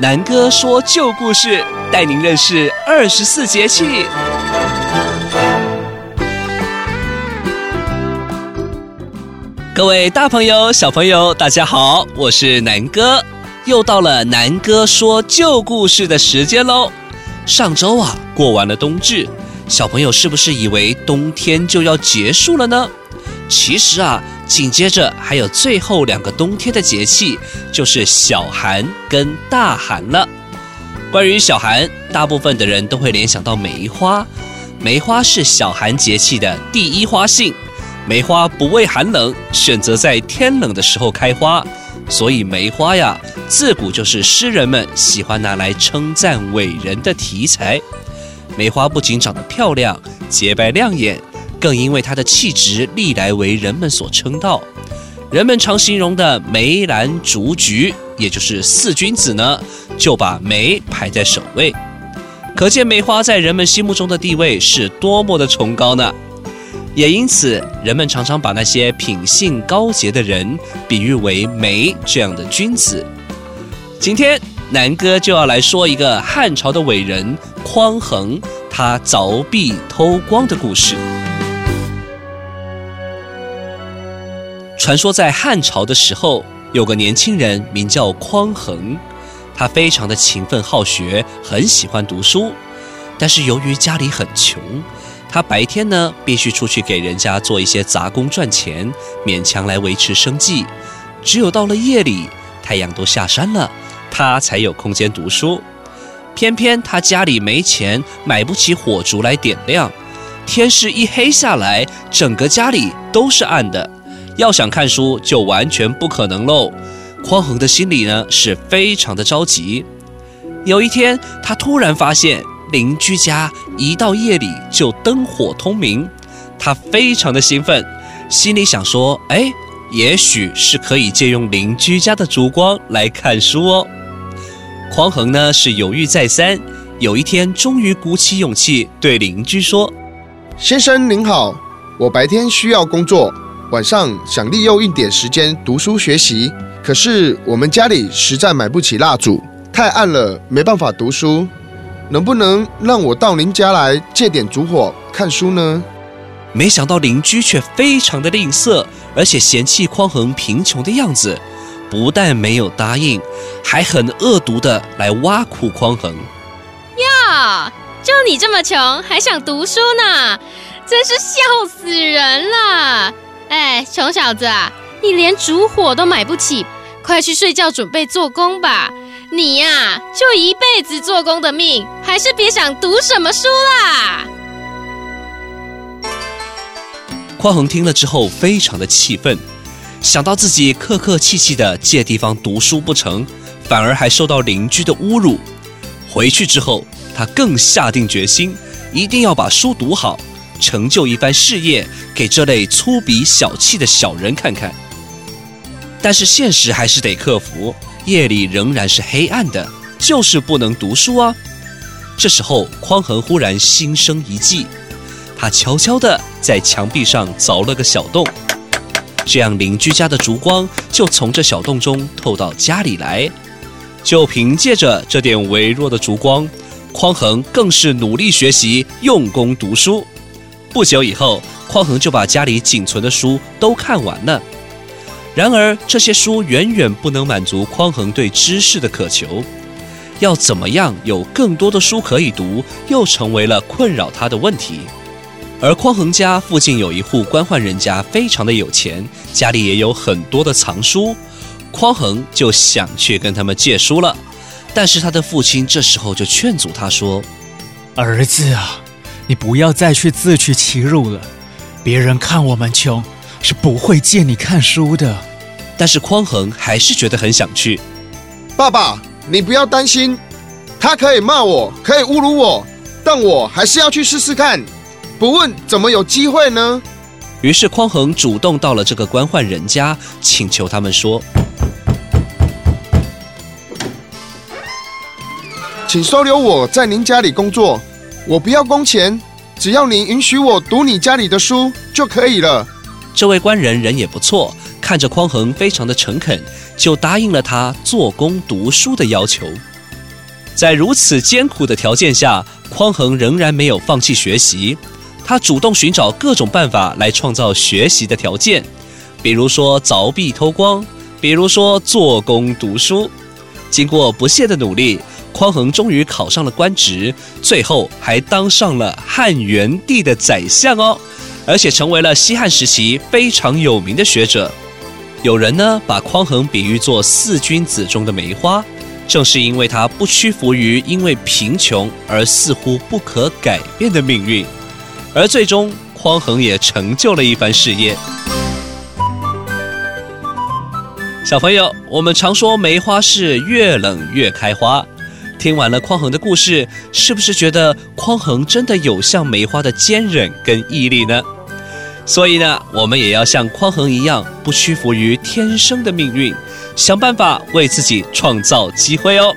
南哥說舊故事，帶您認識二十四節氣。各位大朋友、小朋友，大家好，我是南哥，又到了南哥說舊故事的時間嘍。上周啊，過完了冬至，小朋友是不是以為冬天就要結束了呢？其實啊。緊接着還有最後兩個冬天的節氣，就是小寒跟大寒了。關於小寒，大部分的人都會聯想到梅花。梅花是小寒節氣的第一花信，梅花不畏寒冷，選擇在天冷的時候開花，所以梅花呀，自古就是詩人們喜歡拿來稱讚偉人的題材。梅花不僅長得漂亮，潔白亮眼。更因為它的氣質歷來為人們所稱道，人們常形容的梅蘭竹菊，也就是四君子呢，就把梅排在首位。可見梅花在人們心目中的地位是多麼的崇高呢？也因此，人們常常把那些品性高潔的人比喻為梅這樣的君子。今天，南哥就要來說一個漢朝的偉人匡衡，他鑿壁偷光的故事。傳說在漢朝的時候，有個年輕人名叫匡衡，他非常的勤奮好學，很喜歡讀書。但是由於家裡很窮，他白天呢必須出去給人家做一些雜工賺錢，勉強來維持生計。只有到了夜裡，太陽都下山了，他才有空間讀書。偏偏他家裡沒錢，買不起火燭來點亮，天是一黑下來，整個家裡都是暗的。要想看書，就完全不可能嘍。匡衡的心裡呢，是非常的着急。有一天，他突然發現鄰居家一到夜裡就燈火通明，他非常的興奮，心裡想說：“哎，也許是可以借用鄰居家的燭光來看書哦。”匡衡呢，是猶豫再三，有一天終於鼓起勇氣對鄰居說：“先生您好，我白天需要工作。”晚上想利用一點時間讀書學習，可是我們家裡實在買不起蠟燭，太暗了，沒辦法讀書。能不能讓我到您家來借點燭火看書呢？沒想到鄰居卻非常的吝嗇，而且嫌棄匡衡貧窮的樣子，不但沒有答應，還很惡毒的來挖苦匡衡。呀，就你這麼窮，還想讀書呢？真是笑死人了！哎，窮小子啊，你連燭火都買不起，快去睡覺準備做工吧。你呀啊，就一輩子做工的命，還是別想讀什麼書啦。匡衡聽了之後非常的氣憤，想到自己客客氣氣的借地方讀書不成，反而還受到鄰居的侮辱，回去之後他更下定決心，一定要把書讀好。成就一番事業，給這類粗鄙小氣的小人看看。但是現實還是得克服，夜裡仍然是黑暗的，就是不能讀書啊。這時候，匡衡忽然心生一計，他悄悄地在牆壁上鑿了個小洞，這樣鄰居家的燭光就從這小洞中透到家裡來。就憑借着這點微弱的燭光，匡衡更是努力學習，用功讀書。不久以後，匡衡就把家裡僅存的書都看完了。然而，這些書遠遠不能滿足匡衡對知識的渴求。要怎麼樣有更多的書可以讀，又成為了困擾他的問題。而匡衡家附近有一戶官宦人家，非常的有錢，家裡也有很多的藏書。匡衡就想去跟他們借書了，但是他的父親這時候就勸阻他說：“兒子啊。”你不要再去自取其辱了，別人看我們窮，是不會借你看書的。但是匡衡還是覺得很想去。爸爸，你不要擔心，他可以罵我，可以侮辱我，但我還是要去試試看。不問怎麼有機會呢？於是匡衡主動到了這個官宦人家，請求他們說：“請收留我在您家裡工作。”我不要工錢，只要你允許我讀你家裡的書就可以了。這位官人人也不錯，看着匡衡非常的誠懇，就答應了他做工讀書的要求。在如此艱苦的條件下，匡衡仍然沒有放棄學習，他主動尋找各種辦法來創造學習的條件，比如說鑿壁偷光，比如說做工讀書。經過不懈的努力，匡衡終於考上了官職，最後還當上了漢元帝的宰相哦，而且成為了西漢時期非常有名的學者。有人呢，把匡衡比喻作四君子中的梅花，正是因為他不屈服於因為貧窮而似乎不可改變的命運，而最終匡衡也成就了一番事業。小朋友，我們常說梅花是越冷越開花。聽完了匡衡的故事，是不是覺得匡衡真的有像梅花的堅韌跟毅力呢？所以呢，我們也要像匡衡一樣，不屈服於天生的命運，想辦法為自己創造機會哦。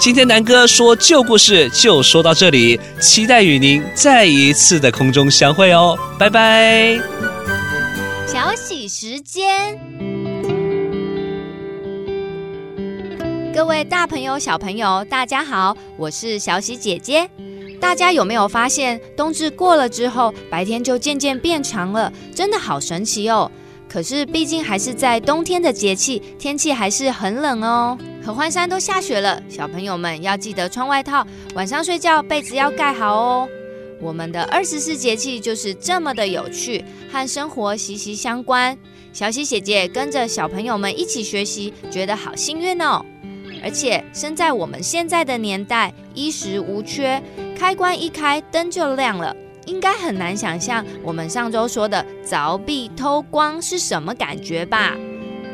今天南哥說舊故事就說到這裡，期待與您再一次的空中相會哦，拜拜。小喜時間。各位大朋友、小朋友，大家好，我是小喜姐姐。大家有沒有發現，冬至過了之後，白天就漸漸變長了，真的好神奇哦。可是畢竟還是在冬天的節氣，天氣還是很冷哦。合歡山都下雪了，小朋友們要記得穿外套，晚上睡覺被子要蓋好哦。我們的二十四節氣就是這麼的有趣，和生活息息相關。小喜姐姐跟着小朋友們一起學習，覺得好幸運哦。而且生在我們現在的年代，衣食無缺，開關一開，燈就亮了，應該很難想象我們上周說的鑿壁偷光是什麼感覺吧？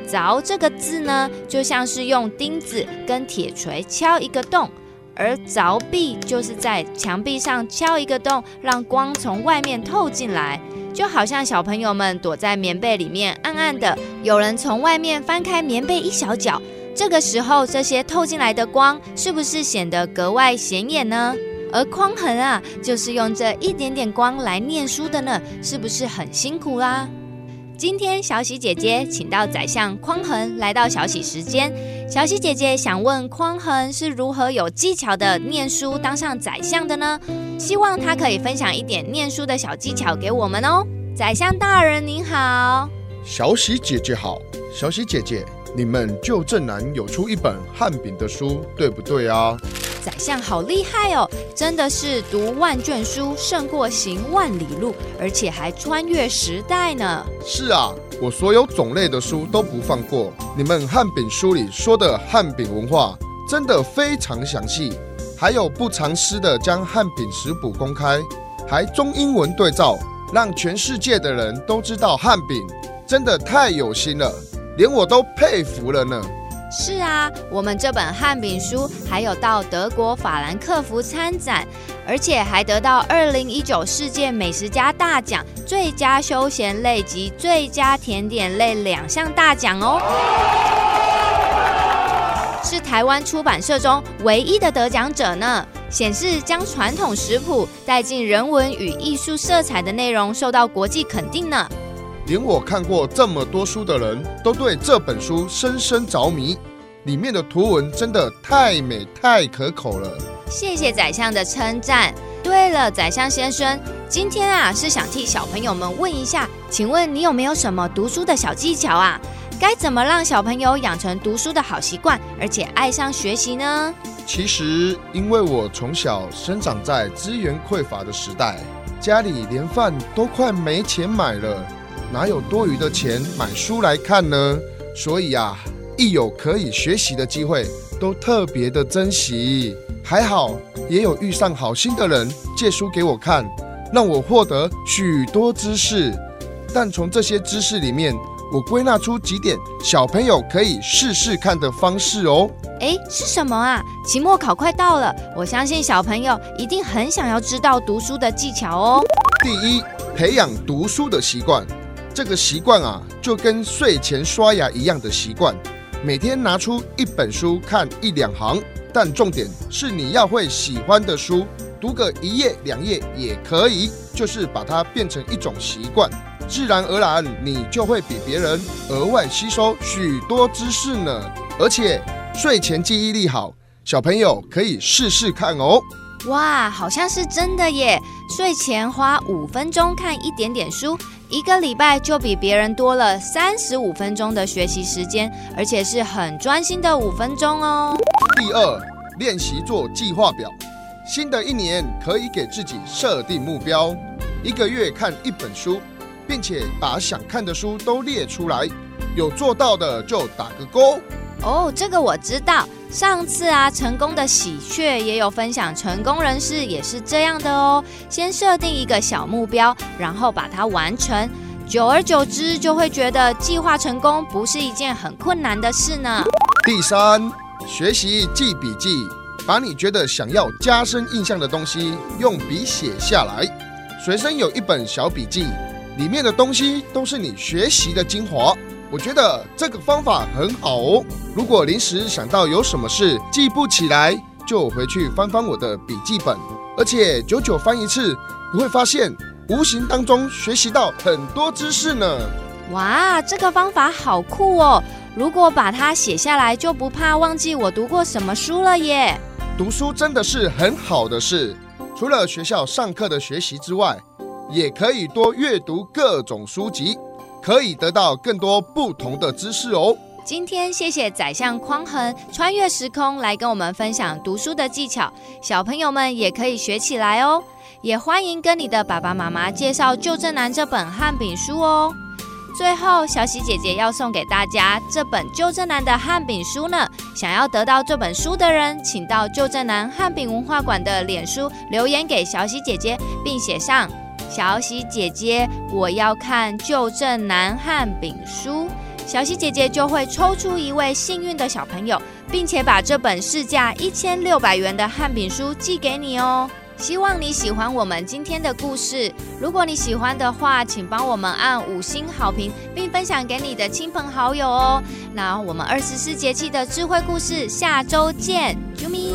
鑿這個字呢，就像是用釘子跟鐵錘敲一個洞，而鑿壁就是在牆壁上敲一個洞，讓光從外面透進來，就好像小朋友們躲在棉被裡面暗暗的，有人從外面翻開棉被一小角。這個時候，這些透進來的光是不是顯得格外顯眼呢？而匡衡啊，就是用這一點點光來念書的呢，是不是很辛苦啦，啊？今天小喜姐姐請到宰相匡衡來到小喜時間，小喜姐姐想問匡衡是如何有技巧的念書當上宰相的呢？希望他可以分享一點念書的小技巧給我們哦。宰相大人您好，小喜姐姐好，小喜姐姐。你們就正南有出一本漢餅的書，對不對啊？宰相好厲害哦，真的是讀萬卷書勝過行萬里路，而且還穿越時代呢。是啊，我所有種類的書都不放過。你們漢餅書裡說的漢餅文化真的非常詳細，還有不藏私的將漢餅食譜公開，還中英文對照，讓全世界的人都知道漢餅，真的太有心了。連我都佩服了呢。是啊，我們這本漢餅書還有到德國法蘭克福參展，而且還得到二零一九世界美食家大獎最佳休閒類及最佳甜點類兩項大獎哦。是台灣出版社中唯一的得獎者呢，顯示將傳統食譜帶進人文與藝術色彩的內容受到國際肯定呢。連我看過這麼多書的人都對這本書深深着迷，裡面的圖文真的太美、太可口了。謝謝宰相的稱讚。對了，宰相先生，今天啊是想替小朋友們問一下，請問你有沒有什麼讀書的小技巧啊？該怎麼讓小朋友養成讀書的好習慣，而且愛上學習呢？其實，因為我從小生長在資源匱乏的時代，家裡連飯都快沒錢買了。哪有多餘的錢買書來看呢？所以啊，一有可以學習的機會，都特別的珍惜。還好也有遇上好心的人借書給我看，讓我獲得許多知識。但從這些知識裡面，我歸納出幾點小朋友可以試試看的方式哦。哎、欸，是什麼啊？期末考快到了，我相信小朋友一定很想要知道讀書的技巧哦。第一，培養讀書的習慣。這個習慣啊，就跟睡前刷牙一樣的習慣，每天拿出一本書看一兩行，但重點是你要會喜歡的書，讀個一頁兩頁也可以，就是把它變成一種習慣，自然而然你就會比別人額外吸收許多知識呢。而且睡前記憶力好，小朋友可以試試看哦。哇，好像是真的耶！睡前花五分鐘看一點點書。一個禮拜就比別人多了三十五分鐘的學習時間，而且是很專心的五分鐘哦。第二，練習做計劃表。新的一年可以給自己設定目標，一個月看一本書，並且把想看的書都列出來，有做到的就打個勾。哦，這個我知道。上次啊，成功的喜鵲也有分享，成功人士也是這樣的哦。先設定一個小目標，然後把它完成，久而久之就會覺得計劃成功不是一件很困難的事呢。第三，學習記筆記，把你覺得想要加深印象的東西用筆寫下來，隨身有一本小筆記，裡面的東西都是你學習的精華。我覺得這個方法很好哦。如果臨時想到有什麼事記不起來，就回去翻翻我的筆記本。而且，久久翻一次，你會發現無形當中學習到很多知識呢。哇，這個方法好酷哦！如果把它寫下來，就不怕忘記我讀過什麼書了耶。讀書真的是很好的事，除了學校上課的學習之外，也可以多閱讀各種書籍。可以得到更多不同的知識哦。今天謝謝宰相匡衡穿越時空來跟我們分享讀書的技巧，小朋友們也可以學起來哦。也歡迎跟你的爸爸媽媽介紹《舊振南》這本漢餅書哦。最後，小喜姐姐要送給大家這本《舊振南》的漢餅書呢。想要得到這本書的人，請到舊振南漢餅文化館的臉書留言給小喜姐姐，並寫上，小喜姐姐，我要看《舊鎮南漢餅書》，小喜姐姐就會抽出一位幸運的小朋友，並且把這本市價一千六百元的漢餅書寄給你哦。希望你喜歡我們今天的故事。如果你喜歡的話，請幫我們按五星好評，並分享給你的親朋好友哦。那我們二十四節氣的智慧故事下周見，啾咪！